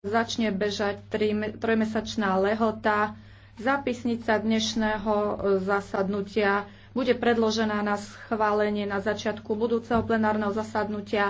začne bežať trojmesačná lehota. Zápisnica dnešného e, zasadnutia bude predložená na schválenie na začiatku budúceho plenárneho zasadnutia.